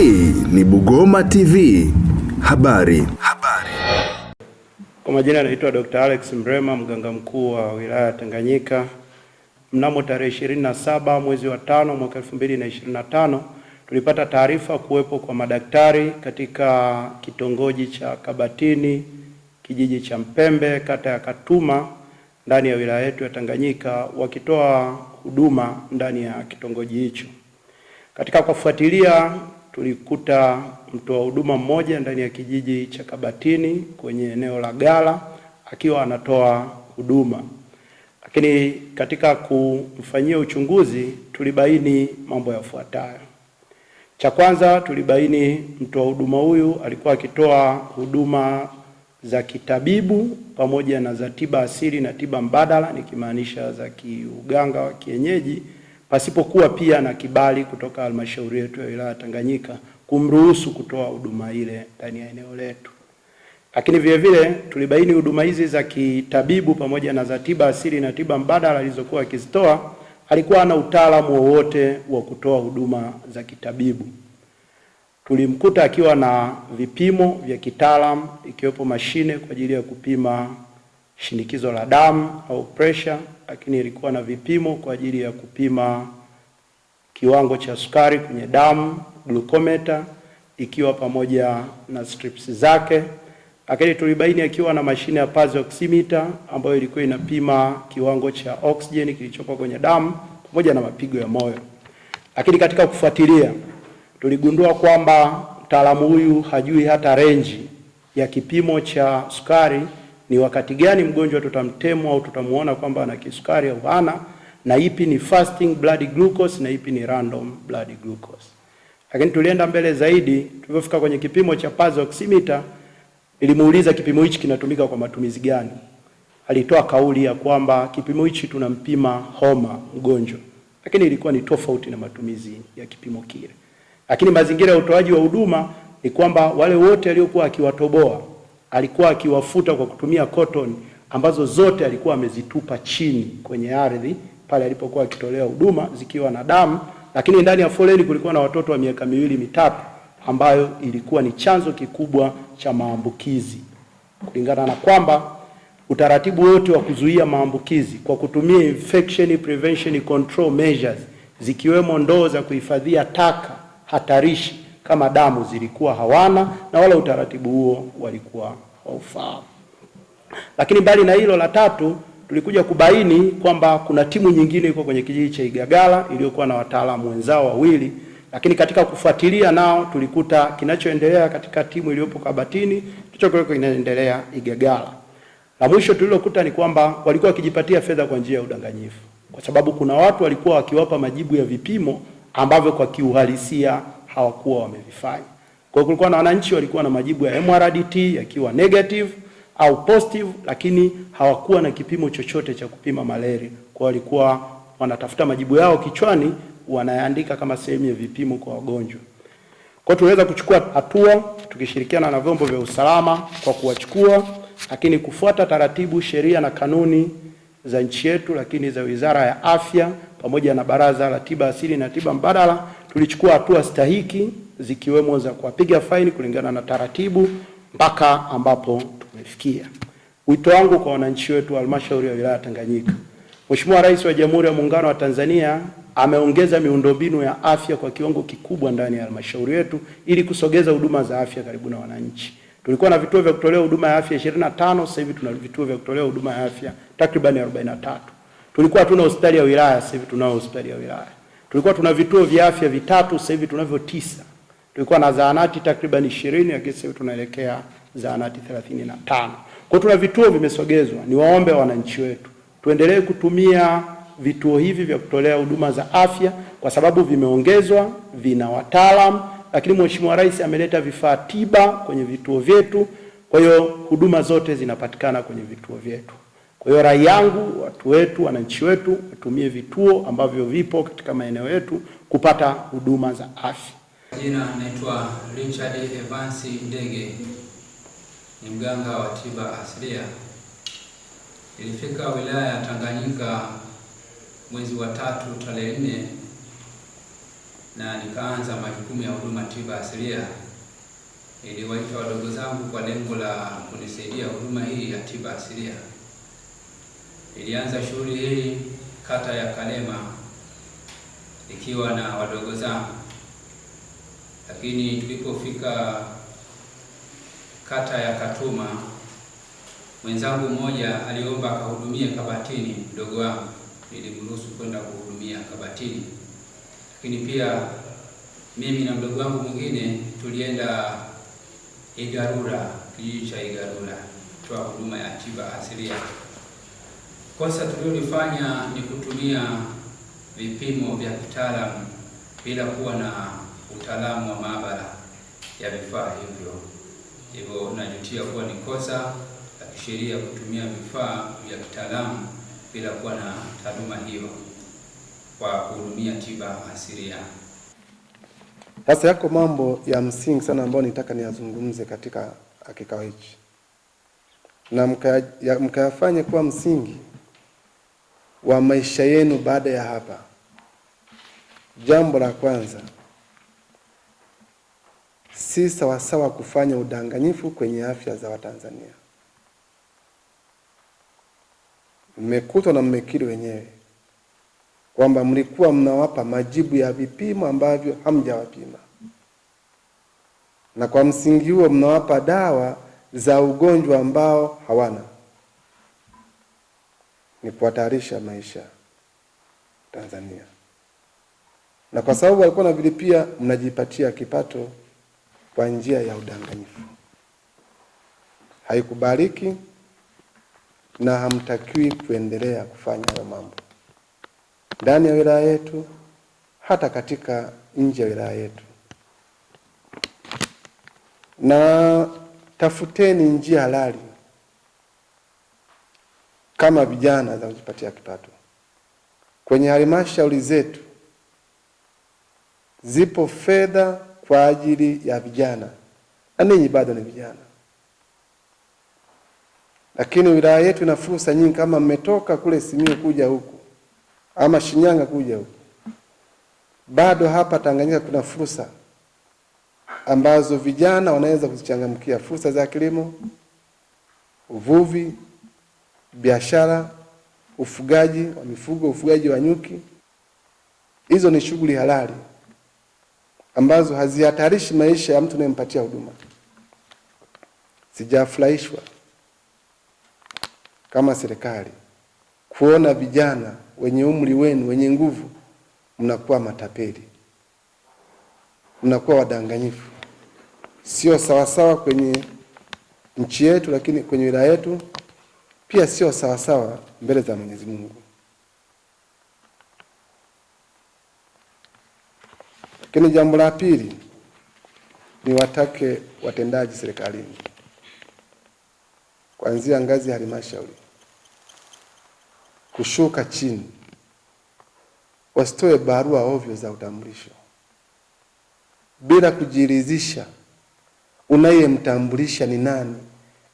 Hii ni Bugoma TV. Habari. Habari. Kwa majina anaitwa Dr. Alex Mrema, mganga mkuu wa wilaya ya Tanganyika. Mnamo tarehe 27 mwezi wa tano mwaka 2025 tulipata taarifa kuwepo kwa madaktari katika kitongoji cha Kabatini, kijiji cha Mpembe, kata ya Katuma ndani ya wilaya yetu ya Tanganyika wakitoa huduma ndani ya kitongoji hicho. Katika kufuatilia tulikuta mtoa huduma mmoja ndani ya kijiji cha Kabatini kwenye eneo la Gala akiwa anatoa huduma, lakini katika kumfanyia uchunguzi tulibaini mambo yafuatayo. Cha kwanza, tulibaini mtoa huduma huyu alikuwa akitoa huduma za kitabibu pamoja na za tiba asili na tiba mbadala, nikimaanisha za kiuganga wa kienyeji pasipokuwa pia na kibali kutoka halmashauri yetu ya wilaya Tanganyika kumruhusu kutoa huduma ile ndani ya eneo letu. Lakini vile vile tulibaini huduma hizi za kitabibu pamoja na za tiba asili na tiba mbadala alizokuwa akizitoa alikuwa na utaalamu wowote wa kutoa huduma za kitabibu. Tulimkuta akiwa na vipimo vya kitaalamu ikiwepo mashine kwa ajili ya kupima shinikizo la damu au pressure lakini ilikuwa na vipimo kwa ajili ya kupima kiwango cha sukari kwenye damu, glukometa ikiwa pamoja na strips zake, lakini tulibaini akiwa na mashine ya pulse oximeter ambayo ilikuwa inapima kiwango cha oxygen kilichokuwa kwenye damu pamoja na mapigo ya moyo. Lakini katika kufuatilia, tuligundua kwamba mtaalamu huyu hajui hata renji ya kipimo cha sukari ni wakati gani mgonjwa tutamtemwa au tutamuona kwamba ana kisukari au hana, na ipi ni fasting blood glucose na ipi ni random blood glucose. Lakini tulienda mbele zaidi, tulipofika kwenye kipimo cha pulse oximeter, nilimuuliza kipimo hichi kinatumika kwa matumizi gani. Alitoa kauli ya kwamba kipimo hichi tunampima homa mgonjwa, lakini ilikuwa ni tofauti na matumizi ya kipimo kile. Lakini mazingira ya utoaji wa huduma ni kwamba wale wote aliokuwa akiwatoboa alikuwa akiwafuta kwa kutumia cotton ambazo zote alikuwa amezitupa chini kwenye ardhi pale alipokuwa akitolea huduma zikiwa na damu, lakini ndani ya foleni kulikuwa na watoto wa miaka miwili mitatu, ambayo ilikuwa ni chanzo kikubwa cha maambukizi, kulingana na kwamba utaratibu wote wa kuzuia maambukizi kwa kutumia infection prevention control measures zikiwemo ndoo za kuhifadhia taka hatarishi kama damu zilikuwa hawana na wala utaratibu huo walikuwa waufahamu. Lakini mbali na hilo la tatu, tulikuja kubaini kwamba kuna timu nyingine iko kwenye kijiji cha Igagala iliyokuwa na wataalamu wenzao wawili, lakini katika kufuatilia nao tulikuta kinachoendelea katika timu iliyopo Kabatini ndicho kinaendelea Igagala. La mwisho tulilokuta ni kwamba walikuwa wakijipatia fedha kwa njia ya udanganyifu, kwa sababu kuna watu walikuwa wakiwapa majibu ya vipimo ambavyo kwa kiuhalisia hawakuwa wamevifanya. Kwa hiyo kulikuwa na wananchi walikuwa na majibu ya MRDT yakiwa negative au positive, lakini hawakuwa na kipimo chochote cha kupima malaria. Kwa walikuwa wanatafuta majibu yao kichwani, wanayaandika kama sehemu ya vipimo kwa wagonjwa. Kwa tunaweza kuchukua hatua tukishirikiana na vyombo vya usalama kwa kuwachukua, lakini kufuata taratibu, sheria na kanuni za nchi yetu, lakini za Wizara ya Afya pamoja na Baraza la Tiba Asili na Tiba Mbadala tulichukua hatua stahiki zikiwemo za kuwapiga faini kulingana na taratibu mpaka ambapo tumefikia. Wito wangu kwa wananchi wetu wa halmashauri ya wilaya Tanganyika, Mheshimiwa Rais wa Jamhuri ya Muungano wa Tanzania ameongeza miundombinu ya afya kwa kiwango kikubwa ndani ya halmashauri yetu ili kusogeza huduma za afya karibu na wananchi. Tulikuwa na vituo vya kutolea huduma ya afya 25, sasa hivi tuna vituo vya kutolea huduma ya afya takriban 43. Tulikuwa hatuna hospitali ya wilaya, sasa hivi tunao hospitali ya wilaya. Tulikuwa tuna vituo vya afya vitatu, sasa hivi tunavyo tisa. Tulikuwa na zahanati takriban 20 lakini sasa hivi tunaelekea zahanati 35. Kwa tuna vituo vimesogezwa. Niwaombe wananchi wetu tuendelee kutumia vituo hivi vya kutolea huduma za afya kwa sababu vimeongezwa, vina wataalam lakini Mheshimiwa Rais ameleta vifaa tiba kwenye vituo vyetu. Kwa hiyo huduma zote zinapatikana kwenye vituo vyetu. Kwa hiyo rai yangu, watu wetu, wananchi wetu watumie vituo ambavyo vipo katika maeneo yetu kupata huduma za afya. Jina naitwa Richard Evans Ndege, ni mganga wa tiba asilia. ilifika wilaya ya Tanganyika mwezi wa tatu tarehe nne na nikaanza majukumu ya huduma tiba asilia. Niliwaita wadogo zangu kwa lengo la kunisaidia huduma hii ya tiba asilia. Ilianza shughuli hii kata ya Kalema ikiwa na wadogo zangu, lakini tulipofika kata ya Katuma mwenzangu mmoja aliomba akahudumia Kabatini, mdogo wangu nilimruhusu kwenda kuhudumia Kabatini, lakini pia mimi na mdogo wangu mwingine tulienda Igarura, kijiji cha Igarura toa huduma ya tiba asilia. Kosa tuliolifanya ni kutumia vipimo vya kitaalamu bila kuwa na utaalamu wa maabara ya vifaa hivyo. Hivyo najutia kuwa ni kosa la kisheria kutumia vifaa vya kitaalamu bila kuwa na taaluma hiyo kwa kuhudumia tiba asilia. Sasa yako mambo ya msingi sana ambayo nitaka niyazungumze katika kikao hichi na mkayafanye kuwa msingi wa maisha yenu baada ya hapa. Jambo la kwanza, si sawasawa kufanya udanganyifu kwenye afya za Watanzania. Mmekutwa na mmekiri wenyewe kwamba mlikuwa mnawapa majibu ya vipimo ambavyo hamjawapima, na kwa msingi huo mnawapa dawa za ugonjwa ambao hawana ni kuhatarisha maisha Tanzania, na kwa sababu walikuwa na vilipia, mnajipatia kipato kwa njia ya udanganyifu. Haikubaliki na hamtakiwi kuendelea kufanya hayo mambo ndani ya wilaya yetu, hata katika nje ya wilaya yetu, na tafuteni njia halali kama vijana za kujipatia kipato. Kwenye halmashauri zetu zipo fedha kwa ajili ya vijana, na ninyi bado ni vijana, lakini wilaya yetu ina fursa nyingi. Kama mmetoka kule Simiyu kuja huku ama Shinyanga kuja huku, bado hapa Tanganyika kuna fursa ambazo vijana wanaweza kuzichangamkia, fursa za kilimo, uvuvi biashara, ufugaji wa mifugo, ufugaji wa nyuki. Hizo ni shughuli halali ambazo hazihatarishi maisha ya mtu anayempatia huduma. Sijafurahishwa kama serikali kuona vijana wenye umri wenu wenye nguvu mnakuwa matapeli, mnakuwa wadanganyifu. Sio sawasawa kwenye nchi yetu, lakini kwenye wilaya yetu pia sio sawasawa mbele za Mwenyezi Mungu. Lakini jambo la pili ni watake watendaji serikalini kuanzia ngazi ya halmashauri kushuka chini, wasitoe barua ovyo za utambulisho bila kujiridhisha unayemtambulisha ni nani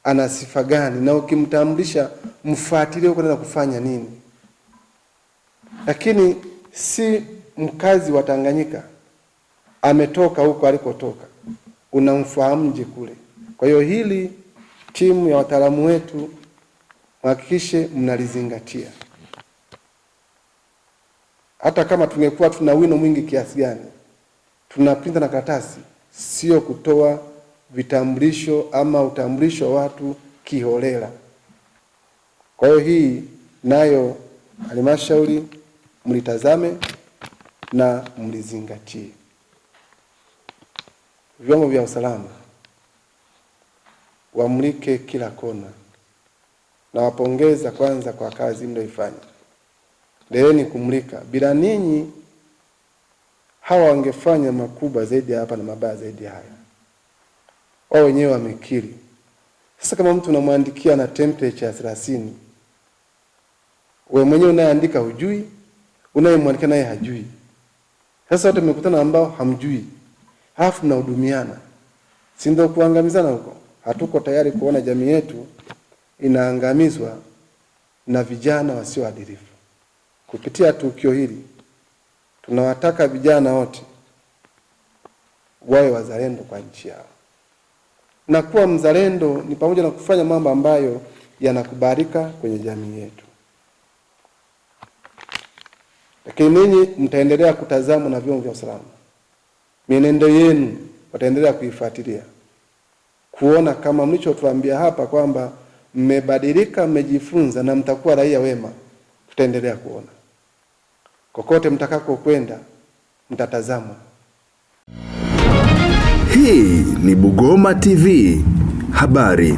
ana sifa gani, na ukimtambulisha mfuatilie huko na kufanya nini. Lakini si mkazi wa Tanganyika, ametoka huko alikotoka, unamfahamuje kule? Kwa hiyo hili, timu ya wataalamu wetu mhakikishe mnalizingatia. Hata kama tungekuwa tuna wino mwingi kiasi gani, tunapinda na karatasi, sio kutoa vitambulisho ama utambulisho wa watu kiholela. Kwa hiyo hii nayo halmashauri mlitazame na mlizingatie. Vyombo vya usalama wamlike kila kona. Nawapongeza kwanza kwa kazi mlioifanya, endeleeni kumlika. Bila ninyi hawa wangefanya makubwa zaidi ya hapa na mabaya zaidi haya wao wenyewe wamekiri. Sasa kama mtu unamwandikia na temperature ya thelathini, wewe mwenyewe unayeandika hujui, unayemwandikia naye hajui. Sasa wote mmekutana ambao hamjui, halafu mnahudumiana, si ndio kuangamizana huko? Hatuko tayari kuona jamii yetu inaangamizwa na vijana wasioadilifu. Kupitia tukio hili, tunawataka vijana wote wawe wazalendo kwa nchi yao na kuwa mzalendo ni pamoja na kufanya mambo ambayo yanakubalika kwenye jamii yetu. Lakini ninyi mtaendelea kutazamwa na vyombo vya usalama, mienendo yenu wataendelea kuifuatilia kuona kama mlichotuambia hapa kwamba mmebadilika, mmejifunza na mtakuwa raia wema. Tutaendelea kuona kokote mtakako kwenda, mtatazamwa. Hii ni Bugoma TV. Habari.